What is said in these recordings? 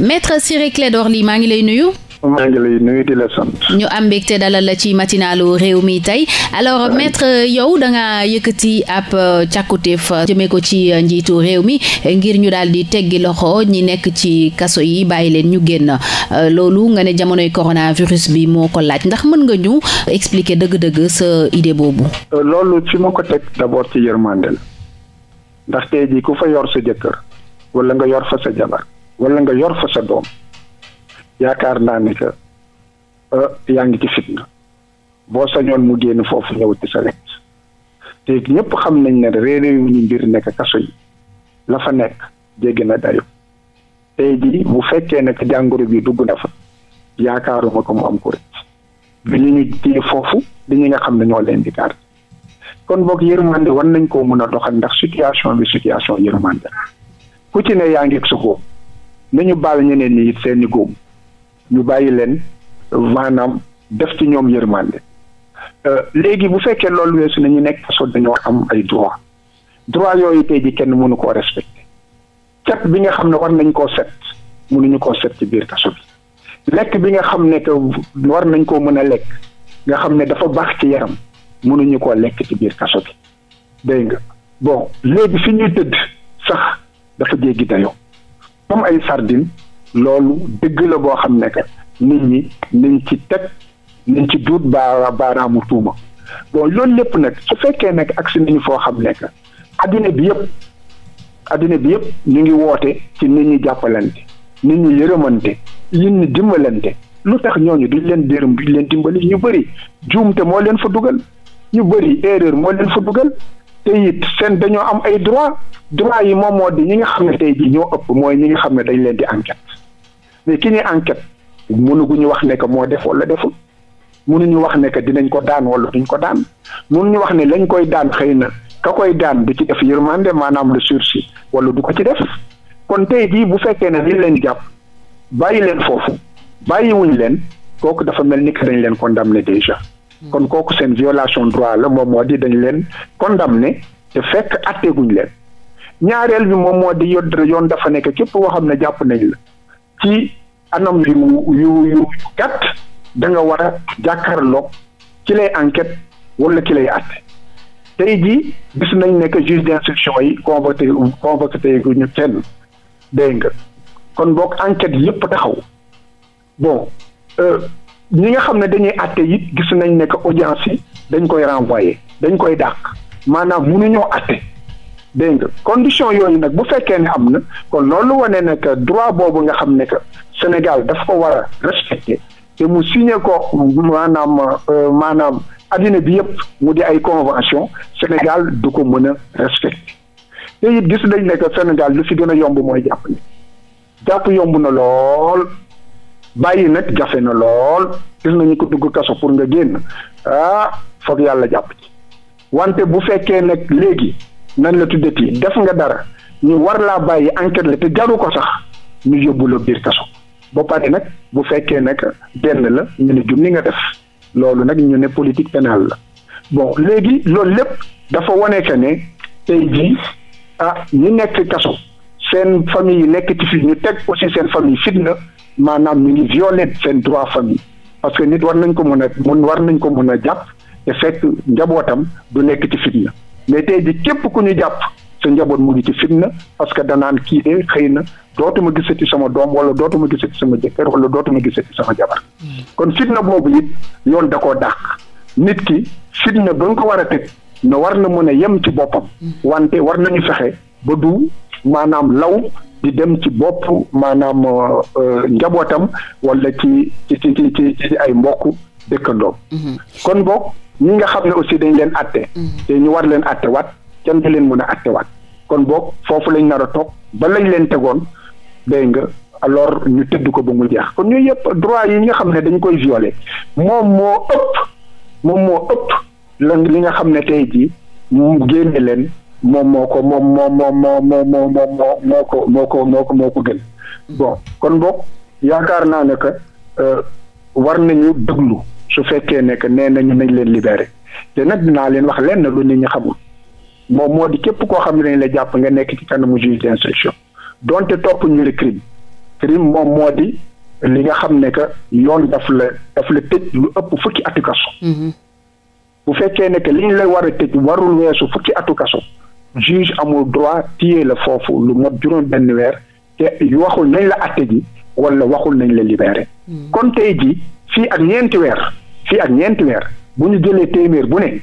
maître Ciré Clédor lii maa ngi lay nuyu. ñu am mbégte dalal la ci matinalu réew mi tey alors metre yow danga yëkkati ab euh, càkkutéef euh, jëmee ko ci euh, njiitu réew mi ngir ñu daal di teggi loxo ñi nekk ci kaso yi bàyyi leen ñu génn loolu nga ne jamonoy coronavirus bi moo ko laaj ndax mën nga ñu expliquer dëgg-dëgg sa idée boobu. loolu ci ma ko teg d'abord ci yërmande la ndax tey jii fa yor sa jëkkër wala nga yor fa sa jabar. wala nga yor fa sa doom yaakaar naa ne euh, yaa ngi ci fitna boo sañoon mu génn foofu ñëw ci sa lekk te ñëpp xam nañ ne réeréewu ñu mbir nekk kaso yi la fa nekk jéggi na dayo tey jii bu fekkee ne jàngoro bi dugg na fa yaakaaruma ko mu am ko rek bi ñu ñu téye foofu di ñi nga xam ne ñoo leen di kaar kon boog yërmande war nañ koo mën a doxal ndax situation bi situation yërmande ku ci ne yaa ngi sa bopp nañu baal ñeneen ñi seeni góom ñu bàyyi leen maanaam def ci ñoom yërmande euh, léegi bu fekkee loolu weesu nañu nekk kaso dañoo am ay droit droit yooyu tey ji kenn mënu koo respecté set bi nga xam ne war nañ koo set mënuñu koo set ci biir kaso bi lekk bi nga xam ne que war nañ koo mën a lekk nga xam ne dafa baax ci yaram mënuñu koo lekk ci biir kaso bi dégg nga bon léegi fi ñuy tëdd sax dafa jéggi dayo comme ay sardine loolu dëgg la boo xam ne que nit ñi nañ ci teg nañ ci duut baara baaraamu tuuma boo loolu lépp nag su fekkee nag agsi nañu foo xam ne que adduna bi yëpp addina bi yëpp ñu ngi woote ci nit ñi jàppalante nit ñi yërëmante nit ñi dimbalante lu tax ñooñu duñ leen dërëm duñ leen dimbali ñu bëri juumte moo leen fa dugal ñu bëri erreur moo leen fa dugal te it seen dañoo am ay droit droit yi moom moo di ñi nga xam ne tey jii ñoo ëpp mooy ñi nga xam ne dañ leen di enquête mais ki ñuy enquête ñu wax ne que moo def wala deful ñu wax ne dinañ ko daan wala duñ ko daan mënuñu wax ne lañ koy daan xëy na ka koy daan du ci def yërmande maanaam le sursis wala du ko ci def kon tey jii bu fekkee ne li leen jàpp bàyyi leen foofu bàyyiwuñ leen kooku dafa mel ni que dañ leen condamné déjà Hmm. kon kooku seen violation droit la moom moo di dañ leen condamné te fekk atteeguñ leen ñaareel bi moom moo di yodd yoon dafa nekk képp koo xam ne jàpp nañ la ci anam yu yu yu gàtt da nga war a jàkkaarloog ki lay enquête wala ki lay àtte tey jii gis nañ ne que juge d'instruction yi convoqué convoqué tey gu ñu kenn dégg nga kon boog enquête yëpp taxaw bon. Euh, ñi nga xam ne dañuy àtte it gis nañ ne que audience yi dañ koy renvoyé dañ koy dàq maanaam mu mënuñoo àtte dégg nga condition yooyu nag bu fekkee ne am na kon loolu wane ne que droit boobu nga xam ne que Sénégal daf ko war a respecté te mu signé ko maanaam euh, maanaam addina bi yëpp mu di ay convention Sénégal du ko mën a respecté te it gis nañ ne Sénégal lu fi gën a yomb mooy jàpp ne jàpp yomb na lool. bàyyi nag jafe na lool gis nañu ko dugg kaso pour nga génn ah foog yàlla jàpp ci wante bu fekkee nag léegi nan la tuddati def nga dara ñu war laa bàyyi enquête la te jaru ko sax ñu yóbbu la biir kaso ba pare nag bu fekkee nag benn la ñu ne jum ni nga def loolu nag ñu ne politique pénale la bon léegi loolu lépp dafa wane que ne tey jii ah ñu nekk kaso seen famille yi nekk ci fii ñu teg aussi seen famille fitna maanaam ñu ngi violer seen droit famille parce que nit war nañ ko mën a mun war nañ ko mën a jàpp te fekk njabootam du nekk ci fitna mais tey ji képp ku ñu jàpp sa njaboot mu ngi ci fitna parce que danaan kii de xëy na dootuma gisati sama doom wala dootuma gisati sama jëkkër wala dootuma gisati sama jabar hmm. kon fitna boobu it yoon da koo dàq nit ki fitna ba nga ko war a teg ne war na mën a yem ci boppam hmm. wante war nañu fexe ba du maanaam law di dem ci bopp maanaam euh, euh, njabootam wala ci ci ci ci ci ay mbokk dëkkandoo. Mhm. kon book ñi nga xam ne aussi dañ leen atte mhm. te ñu war leen atte waat kenn du leen mën a atte waat kon book foofu lañ nar a toog ba lañ leen tegoon dégg nga alors ñu tëdd ko ba mu jeex kon ñooyu yëpp droit yi nga xam ne dañ koy violer moom moo ëpp moom moo ëpp lan li nga xam ne tey jii mu génne leen moom moo ko moom moom moom moo moo moo moo ko moo ko moo ko moo ko gën bon kon boog yaakaar naa ne que euh, war nañu déglu su fekkee ne que nee nañu nañ leen libere te nag naa leen wax lenn lu nit ñi xamul moom moo di képp koo xam ne dañ la jàpp nga nekk ci kanamu juge d'instruction donte topp ñu le crime crime moom moo di li nga xam ne que yoon daf la daf la tëj lu ëpp fukki atu kaso mm-hmm. bu fekkee ne li liñ la war a tëj warul weesu fukki atu kaso juge amul droit téye la foofu lu mot juróom-benn weer te waxul nañ la atte ji wala waxul nañ la libéré. Hmm. kon tey ji fii ak ñeenti weer fii ak ñeenti weer bu ñu jëlee téeméer bu ne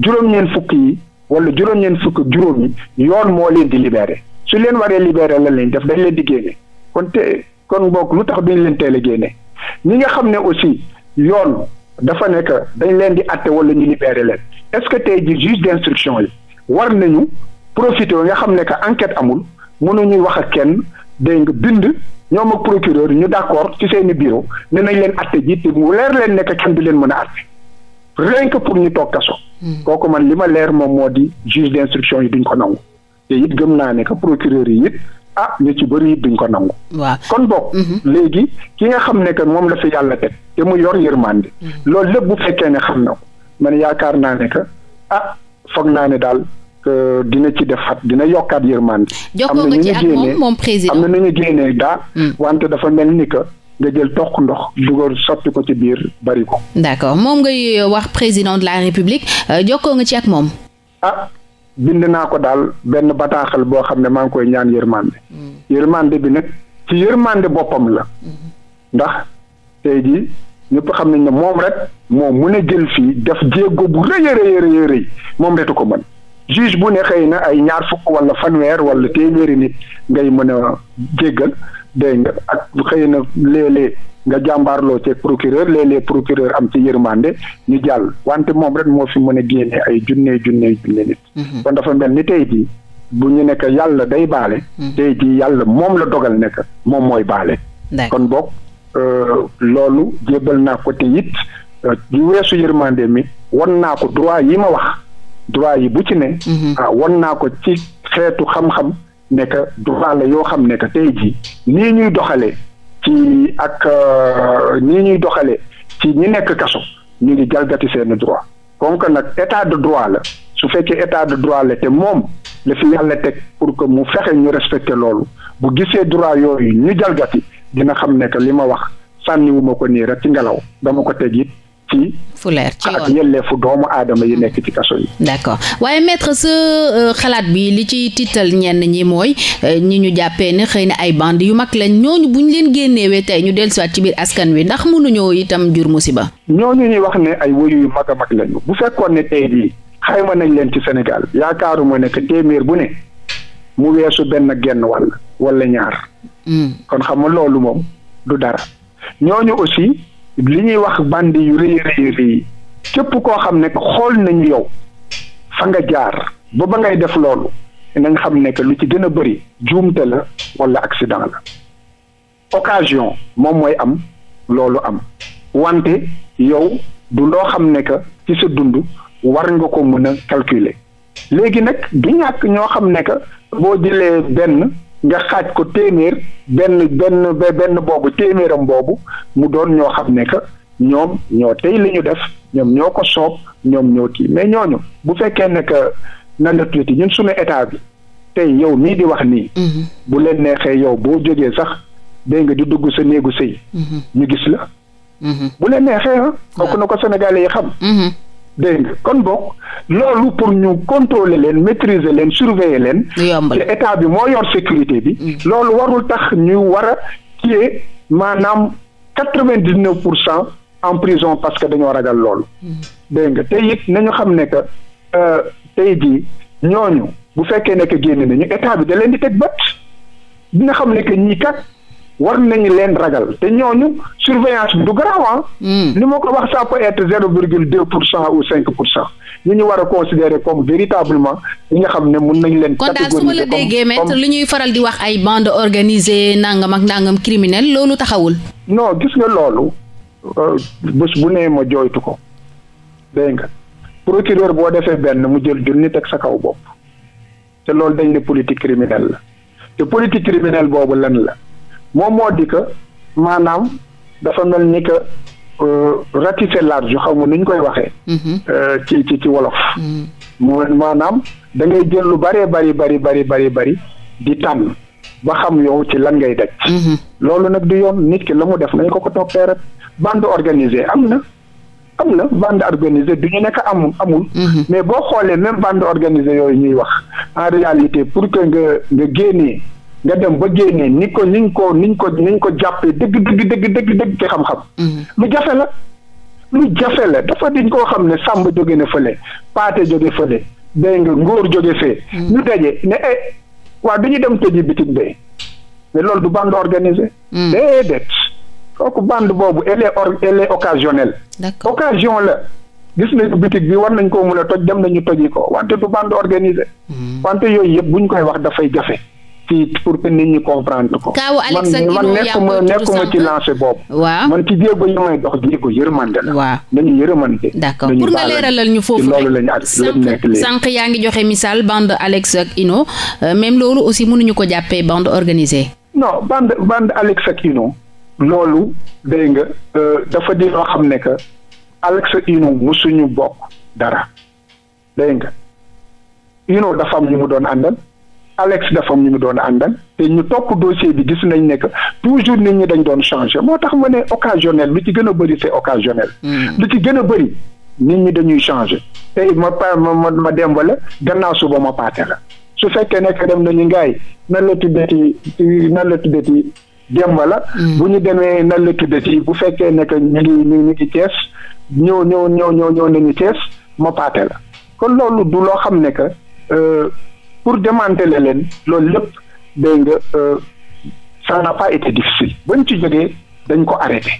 juróom-ñeent fukk yi wala juróom-ñeent fukk ak juróom yi yoon moo leen di libéré su leen waree libéré lan lañ def dañ leen di génne kon te kon boog lu tax duñ leen teel a génne ñi nga xam ne aussi yoon dafa nekk dañ leen di atte wala ñu libéré leen est-ce que tey ji juge d'instruction yi war nañu. profité nga xam ne que enquête amul mënuñuy wax a kenn dégg nga bind ñoom ak procureur ñu d'accord ci seeni bureau ne nañ leen atte ji te mu leer leen ne kenn du leen mën a atte rien pour ñu toog kaso. Hmm. kooku man li ma leer moom moo di juge d'instruction yi duñ ko nangu te it gëm naa ne que procureur yi it ah ñu ci bëri it duñ ko nangu. waaw kon boog. Hmm. léegi ki nga xam ne que moom la fi yàlla teg te mu yor yërmande. Hmm. loolu lépp bu fekkee ne xam na ko man yaakaar naa ne que ah foog naa ne daal. dina ci def defaat dina yokkaat yërmande. am na ñu génne am na ñu génne daa. Hmm. wante dafa mel ni que. nga jël toq ndox dugal sotti ko ci biir bari ko. d'accord moom ngay euh, wax président de la république euh, jokkoo nga ci ak moom. ah bind naa ko daal benn bataaxal boo xam ne maa ngi koy ñaan yërmande. Hmm. yërmande bi nag ci yërmande boppam la. Hmm. ndax tey jii ñëpp xam nañ ne moom rek moom mun a jël fii def jéego bu rëy a rëy rëy moom retu ko mën. juge bu ne xëy na ay ñaar fukk wala fanweer walla téeméeri nit ngay mën a jéggal dégg nga ak xëy na léeg-léeg nga jàmbaarloo ci procureur léeg-léeg procureur am ci yërmande ñu jàll wante moom rek moo fi mën a génne ay junne junne junne nit. Mhm. kon dafa mel ni tey jii bu ñu nekk yàlla day baale. Mhm. tey jii yàlla moom la dogal nekk moom mooy baale. kon boog euh, loolu jébal naa ko te it euh, yu weesu yërmande mi won naa ko droit yi ma wax. droit yi bu ci ne. Mhm. ah wan naa ko ci xeetu xam-xam ne que droit la yoo xam ne que tey jii nii ñuy doxalee ci ak euh, nii ñuy doxalee ci ñi nekk kaso ñu ngi jalgati seen droit comme nag état de droit la su fekkee état de droit la te moom la fi yàlla teg pour que mu fexe ñu respecter loolu bu gisee droit yooyu ñu jalgati dina xam ne que li ma wax sànniwuma ko nii rek ci ngelaw dama ko teg it ci. fu leer ci yoon ak doomu aadama yi mm. nekk ci kaso yi. d'accord waaye maître sa euh, xalaat bi li ci tiital ñenn ñi mooy euh, ñi ñu jàppee ne xëy na ay band yu mag lañ bu ñu leen génnewee tey ñu dellusiwaat ci biir askan wi ndax mënuñoo itam jur musiba. ñu ñuy wax ne ay woyu yu mag a mag lañu bu fekkoon ne tey jii xayma nañ leen ci Sénégal yaakaaruma ne que téeméer bu ne mu weesu benn genn wàll walla ñaar. Mm. kon xam loolu moom du dara ñooñu aussi. li ñuy wax band yu rëy rëy rëy képp koo xam ne xool nañu yow fa nga jaar ba ba ngay def loolu nañ xam nekk lu ci gën a bëri juumte la wala accident la occasion moom mooy am loolu am wante yow du loo xam ne que ci sa dund war nga ko mën a calculer léegi nag du ñàkk ñoo xam ne que boo jëlee benn nga xaaj ko téeméer benn benn benn boobu téeméeram boobu mu doon ñoo xam ne que ñoom ñoo tey li ñu def ñoom ñoo ko soob ñoom ñoo kii mais ñooñu bu fekkee ne que nan la tuuti ñun suñu état bi tey yow mii di wax nii. Mm-hmm. bu leen neexee yow boo jógee sax dégg nga di dugg sa néegu sëy. Mm-hmm. ñu gis la. Mm-hmm. bu leen neexee ah. bokk na ko Sénégalais yi xam. dégg nga kon bokk loolu pour ñu contrôler leen maitriser leen surveiller leen. te état bi moo yoon sécurité bi. Mm. loolu warul tax ñu war a ciyee maanaam quatre vingt dix neuf pour cent en prison parce que dañoo ragal loolu. Mm. dégg nga te it nañu xam ne que euh, tey jii ñooñu bu fekkee ne que génn nañu état bi da leen di teg bët dina xam ne que ñii kat. war nañu leen ragal te ñooñu surveillance bi du garaaw ah. hmm. ni ma ko wax ça peut être zéro virgule deux pour cent ou cinq pour cent ñu ñu war a considérer comme véritablement li nga xam ne mun nañ leen. kon daal su ma la déggee maître li ñuy faral di wax ay bande organisée nangam ak nàngam criminel loolu taxawul. noo gis nga loolu euh, bés bu nee ma jooytu ko dégg nga procureur boo defee benn mu jël junni teg sa kaw bopp te loolu dañ ne politique criminelle la te politique criminelle boobu lan la. moom moo di que maanaam dafa mel ni que euh, ratisser large xaw ma nu ñu koy waxee. Mhm. Euh, ci ci ci wolof. Mhm. mooy maanaam dangay jël lu bëree bari bari bari bari bari di tànn ba xam yow ci lan ngay daj. Mhm. loolu nag du yoon nit ki la mu def nañ ko ko toppee rek bande organisée am na. am na bande organisée du ñu nekk amul amul mais boo xoolee même bande organisée yooyu ñuy wax en réalité pour que nga nga génnee nga dem ba génnee ni ko niñ ko niñ ko niñ ko jàppee dëgg dëgg dëgg dëgg dëgg ci xam-xam mm-hmm. lu jafe la lu jafe la dafa diñ koo xam ne sàmb jóge ne fële paate jóge fële dégg nga ngóor jóge fee mm-hmm. ñu daje ne eh waaw du dem tëji bitig bee mais loolu du bande organisée mm. déedéet kooku bande boobu elle est or elle est occasion la gis nañu bitig bi war nañ koo mën a toj dem nañu toji ko wante du bande organisée mm. wante yooyu yëpp bu ñu koy wax dafay jafe ci pour que nit ñi comprendre ko. kaawu Alex ak man nekkuma nekkuma ci lancé boobu. waa man ci jéego yi may dox jéego yërmande la. nañu yërmande. d'accord pour nga leeralal ñu foofu loolu la ñu at lépp yaa ngi joxe misaal band Alex ak Ino euh, même loolu aussi mënuñu ko jàppee bande organisée. non bande bande Alex ak Ino loolu dégg nga euh, dafa di loo xam ne que Alex ak Ino musuñu bokk dara dégg nga Ino dafa am ñu mu doon àndal. Alex dafa ñu ngi doon àndal te ñu topp dossier bi gis nañ ne que toujours nit ñi dañ doon changé moo tax ma ne occasionnel lu ci gën a bëri c'est occasionnel. Hmm. lu ci gën a bëri nit ñi dañuy changé tey ma pa ma ma dem wala suba ma paate la su fekkee nekk dem nañu ngaay nan la tuddati nan la tuddati dem la hmm. bu ñu demee nan la tuddati bu fekkee nekk ñu ngi ñu ngi Cees ñëw ñëw ñëw ñëw ñëw nañu Cees ma paate la kon loolu du loo xam ne que. Euh, pour démanteler leen loolu lépp dégg nga euh, ça n'a pas été difficile bañ ci jógee dañ ko arrêté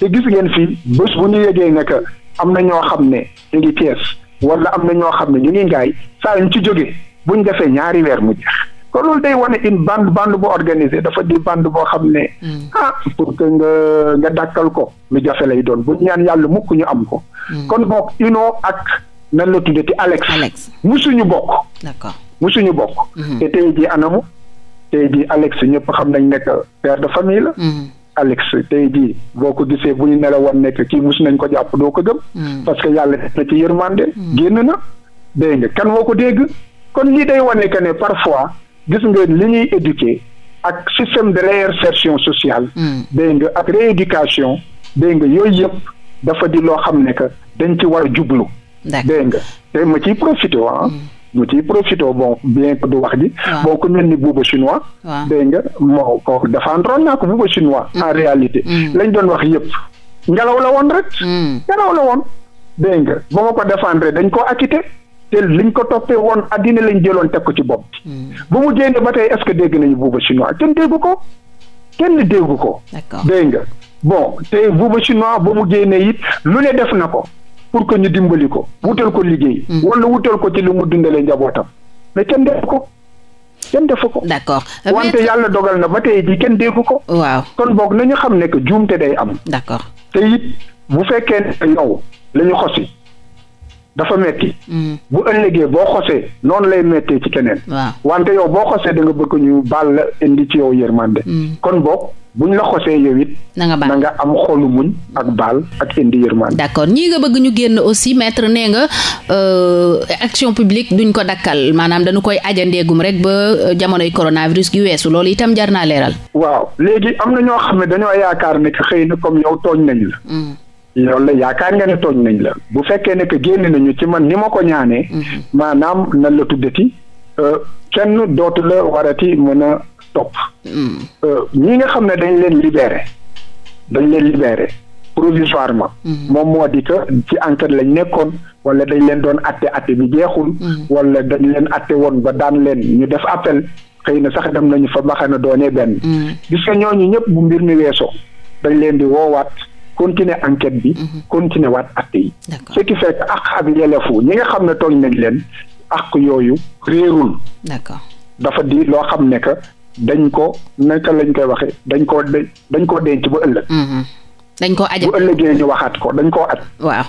te gis ngeen fii bés bu ñu yégee ne am na ñoo xam ne ñu ngi Thiès wala am na ñoo xam ne ñu ngi ngaay saa ñu ci jógee buñ defee ñaari weer mu jeex kon loolu day wane une bande band bu organisée dafa di bande boo xam ne. Mm. ah pour que nga nga dàkkal ko lu jafe lay doon bu ñaan yàlla mukk ñu am ko. Mm. kon boog Uno ak nan la tuddati Alex. Alex musuñu bokk. d'accord. musuñu bokk. Mhm. te tey jii anamu tey jii Alex ñëpp xam nañ nekk père de famille la. Mhm. Alex tey jii boo ko gisee bu ñu nelawoon nekk kii musu nañ ko jàpp doo ko gëm. Mhm. parce que yàlla na ci yërmande. génn na dégg nga kan moo ko dégg. kon lii day wane que ne parfois gis nga li ñuy éduquer ak système de sertion sociale. dégg nga ak rééducation dégg nga yooyu yëpp dafa di loo xam ne que dañ ci war a jublu. dégg nga te ma ciy profité waa ah. ñu ci profité bon bien que du wax ji. bon ku mel ni buuba chinois. waaw nga moo ko défendroon naa ko buuba chinois. en mm. réalité. Mm. lañ doon wax yëpp ngelaw la woon rek. Mm. ngelaw la woon. dégg nga ba ma ko défendre dañ ko acquitté te liñ ko toppee woon addina lañ jëloon teg ko ci bopp. bu mu génnee ba tey est ce que dégg nañu buuba chinois kenn déggu ko kenn déggu ko. d'accord nga bon te buuba chinois ba mu génnee it lu ne def na ko. pour que ñu dimbali ko wutal ko liggéey. Mm. wala wutal ko ci lu mu dundalee njabootam mais kenn def ko. kenn defu ko. d'accord euh, wante yàlla dogal na ba tey jii kenn déggu ko. waaw kon boog nañu xam ne que juumte day am. d'accord te it bu fekkee ne yow la ñu xosi dafa metti mm. bu ëllëgee boo xosee noonu lay méttee ci keneen wante yow boo xosee da nga bëgg ñu baal la indi ci yow yërmande mm. kon boog buñ la xosee yow it na nga baal na nga am xolu muñ ak baal ak indi yërmande d'accord ñii nga bëgg ñu génn aussi maître nee nga euh, action publique duñ ko dakkal maanaam dañu koy ajandeegum rek ba euh, jamonoy coronavirus gi weesu loolu itam jar naa leeral waaw léegi am na ñoo xam ne dañoo yaakaar ne xëy na comme yow tooñ nañ loolu la yaakaar nga ne tooñ nañu la bu fekkee ne que génn nañu ci man ni ma ko ñaanee mhm. maanaam nan la tuddati euh, kenn dootu la warati mën a topp mhm. euh, ñi nga xam ne dañ leen libere dañ leen libéré provisoirement mhm. moom moo di que ci enquête lañ nekkoon wala dañ leen doon atte atte bi jeexul wala dañ leen atte woon ba daan leen ñu def appel xëy na sax dem nañu fa mbaxana doonee benn gis nga ñooñu ñëpp bu mbir mi weesoo dañ leen di woowaat continuer enquête bi. Mhm. continuer waat ak yi. ce qui fait ak ak yelefu ñi nga xam ne tooñ nañ leen ak yooyu réerul. d'accord dafa di loo xam ne que dañ ko naka lañ koy waxee dañ koo dañ koo denc ba ëllëg. Mhm. dañ koo aja bu ëllëgee ñu waxaat ko dañ koo at. waaw.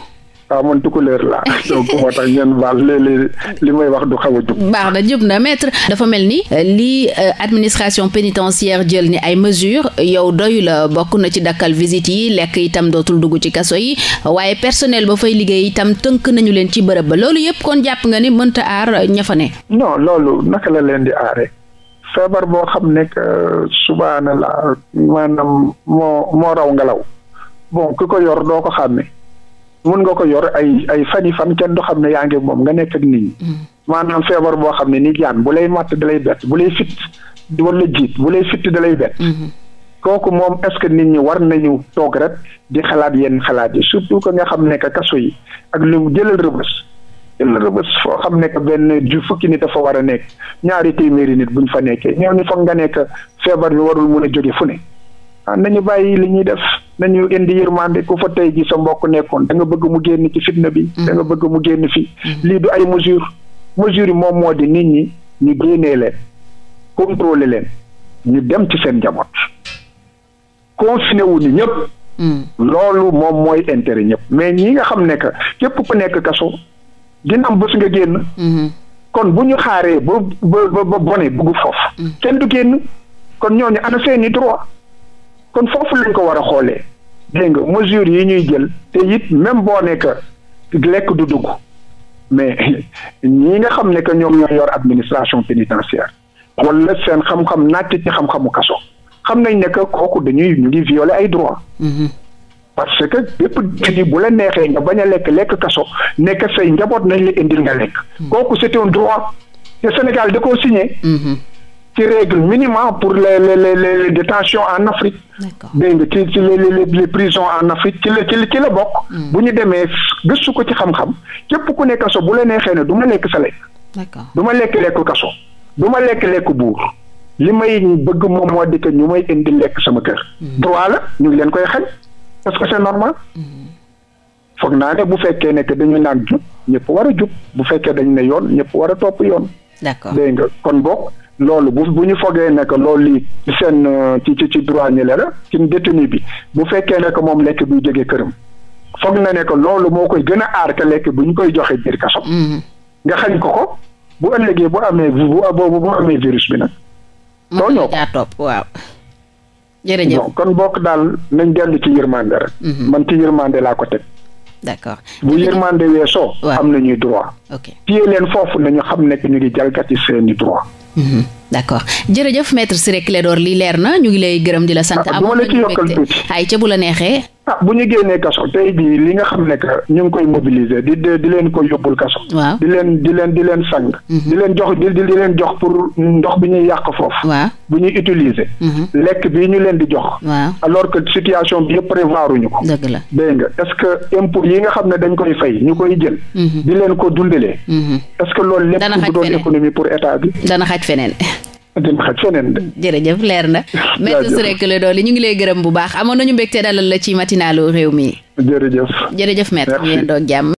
waaw ah, man tukkuleer la donc moo tax ngeen baal léeg-léeg li may wax du xaw a jub. baax na jub na maître dafa mel ni euh, lii euh, administration pénitentiaire jël ni ay mesures yow doyu la bokk na ci dakkal visite yi lekk itam dootul dugg ci kaso yi waaye personnel ba fay liggéey itam tënk nañu leen ci bërëb ba loolu yëpp kon jàpp nga ni mënta aar euh, ña fa ne. loolu naka la leen di aaree. feebar boo xam ne que subaana la moo raw ngelaw bon ku ko yor doo ko xàmme. mun nga ko yor ay ay fani fan kenn du xam ne yaa ngi moom nga nekk ak nit ñi mm. maanaam feebar boo xam ne ni jaan bu lay matt da lay bett bu lay fit wala jiit bu lay fit da lay bett mm-hmm. kooku moom est-ce que nit ñi war nañu toog rek di xalaat yenn xalaat yi surtout que nga xam ne que kaso yi ak lu mu jëlal rëbës jëlal rëbës foo xam ne que benn ju fukki nit dafa war a nekk ñaari téeméeri nit buñ fa nekkee ñooñu foog nga nekk feebar bi warul mun a jóge fu ne Ah, nañu bàyyi li ñuy def nañu indi yërmande ku fa tey ji sa mbokk nekkoon danga bëgg mu génn ci fitna bi mm. danga bëgg mu génn fii mm. lii du ay mesure mesure yi moom moo di nit ñi ñu génnee leen contrôler leen ñu dem ci seen njaboot confiné wu ñëpp mm. loolu moom mooy intérêt ñëpp mais ñi nga xam ne que képp ku nekk kaso dina am bés nga génn mm-hmm. kon bu ñu xaaree ba ba ba bone bugg foofu kenn du génn kon ñooñu ana seeni droit kon foofu lañ ko war a xoolee dégg nga mesures yi ñuy jël te it même boo nekk lekk du dugg mais ñi nga xam ne que ñoom ñoo yor administration pénitentiaire wala seen xam-xam nàcc ci xam-xamu kaso xam nañ ne que kooku dañuy ñu ngi violer ay droit mm-hmm. parce que bépp détenu bu la neexee nga bañ a lekk lekk kaso nekk say njaboot nañ la indil nga lekk mm-hmm. kooku c'est un droit te Sénégal da koo signé mm-hmm. ci règle minimum pour les les les détentions en Afrique dégg nga ci ci les prisons en Afrique ci la ci ci la bokk. Hmm. bu ñu demee gëstu ko ci xam-xam képp ku ne kaso bu la neexee ne du ma lekk sa lekk. du ma lekk lekk kaso du ma lekk lekk buur li may bëgg moom moo di que ñu may indi lekk sama kër. Hmm. droit la ñu ngi leen koy xañ parce que c'est normal. Hmm. foog naa ne bu fekkee ne que dañu naan jub ñëpp war a jub bu fekkee dañu ne yoon ñëpp war a topp yoon. d'accord dégg nga kon bokk loolu bu bu ñu foogee ne loolu lii ci seen euh, ci ci ci droit ñi la ci détenu bi bu fekkee ne que moom lekk buy jógee këram foog na ne que loolu moo koy gën a aar que lekk bu ñu koy joxee biir kaso. Mm-hmm. nga xañ ko ko bu ëllëgee bu amee bu bu bu amee virus bi nag. tooñoo ko daa topp waaw. jërëjëf kon bokk daal nañ dellu ci yërmande rek. Mm-hmm. man ci yërmande laa ko teg. d'accord bu yërmande weesoo. am nañuy droit. ok téye leen foofu nañu xam nekk que ñu ngi jalgati seeni droit. Mm-hmm. d' accord jërëjëf maître Ciré Clédor li leer na ñu ngi lay gërëm di la sant. Ah, amoon na ñu mbégte ay ca la neexee. ah bu ñu génnee kaso tey jii li nga xam ne que ñu ngi koy mobiliser di di leen ko yóbbul kaso. waaw di leen di leen di leen sang. Mhm. di leen jox di leen jox pour ndox bi ñuy yàq foofu. waaw bu ñuy utiliser. Mhm. lekk bi ñu leen di jox. waaw alors que situation bi yëpp prévoir ñu ko. dëgg la dégg nga est ce yi nga xam ne dañ koy fay ñu koy jël. Mhm. di leen ko dundalee. est ce que loolu lépp. dana économie pour état bi. dana xaj feneen. dem xaj feneen de. jërëjëf leer na. jaajëf maître Ciré Clédor Ly ñu ngi lay gërëm bu baax amoon nañu mbégte dalal la ci matinalu réew mi. jërëjëf. jërëjëf maître ñu ngi doon jàmm.